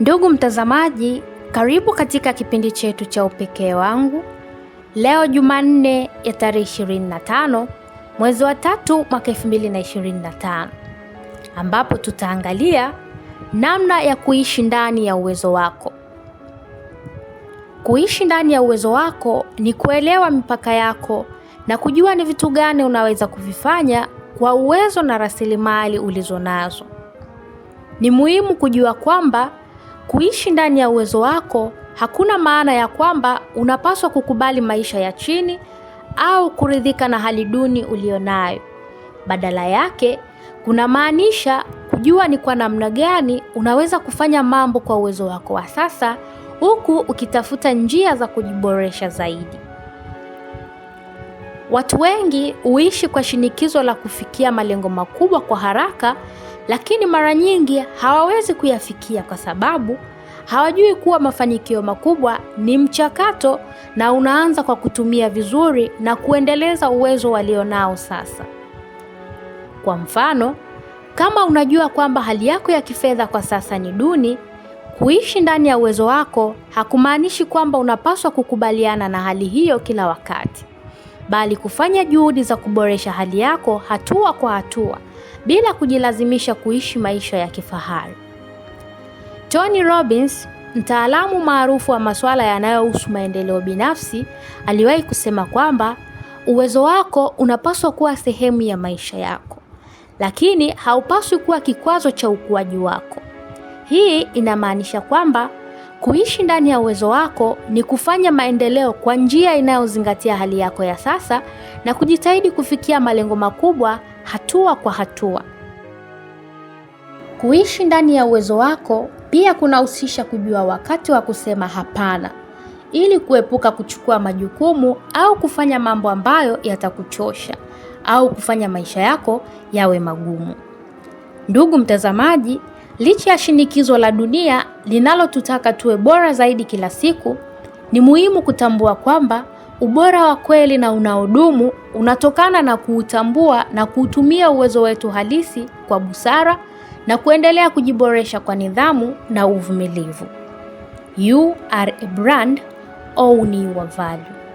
Ndugu mtazamaji, karibu katika kipindi chetu cha Upekee wangu. Leo Jumanne ya tarehe 25 mwezi wa tatu mwaka 2025, ambapo tutaangalia namna ya kuishi ndani ya uwezo wako. Kuishi ndani ya uwezo wako ni kuelewa mipaka yako na kujua ni vitu gani unaweza kuvifanya kwa uwezo na rasilimali ulizo nazo. Ni muhimu kujua kwamba kuishi ndani ya uwezo wako hakuna maana ya kwamba unapaswa kukubali maisha ya chini au kuridhika na hali duni ulionayo. Badala yake, kunamaanisha kujua ni kwa namna gani unaweza kufanya mambo kwa uwezo wako wa sasa, huku ukitafuta njia za kujiboresha zaidi. Watu wengi huishi kwa shinikizo la kufikia malengo makubwa kwa haraka lakini mara nyingi hawawezi kuyafikia kwa sababu hawajui kuwa mafanikio makubwa ni mchakato na unaanza kwa kutumia vizuri na kuendeleza uwezo walionao sasa. Kwa mfano, kama unajua kwamba hali yako ya kifedha kwa sasa ni duni, kuishi ndani ya uwezo wako hakumaanishi kwamba unapaswa kukubaliana na hali hiyo kila wakati bali kufanya juhudi za kuboresha hali yako hatua kwa hatua bila kujilazimisha kuishi maisha ya kifahari. Tony Robbins, mtaalamu maarufu wa masuala yanayohusu maendeleo binafsi, aliwahi kusema kwamba uwezo wako unapaswa kuwa sehemu ya maisha yako, lakini haupaswi kuwa kikwazo cha ukuaji wako. Hii inamaanisha kwamba Kuishi ndani ya uwezo wako ni kufanya maendeleo kwa njia inayozingatia hali yako ya sasa na kujitahidi kufikia malengo makubwa hatua kwa hatua. Kuishi ndani ya uwezo wako pia kunahusisha kujua wakati wa kusema hapana ili kuepuka kuchukua majukumu au kufanya mambo ambayo yatakuchosha au kufanya maisha yako yawe magumu. Ndugu mtazamaji, Licha ya shinikizo la dunia linalotutaka tuwe bora zaidi kila siku, ni muhimu kutambua kwamba ubora wa kweli na unaodumu unatokana na kuutambua na kuutumia uwezo wetu halisi kwa busara na kuendelea kujiboresha kwa nidhamu na uvumilivu. You are a brand, own your value.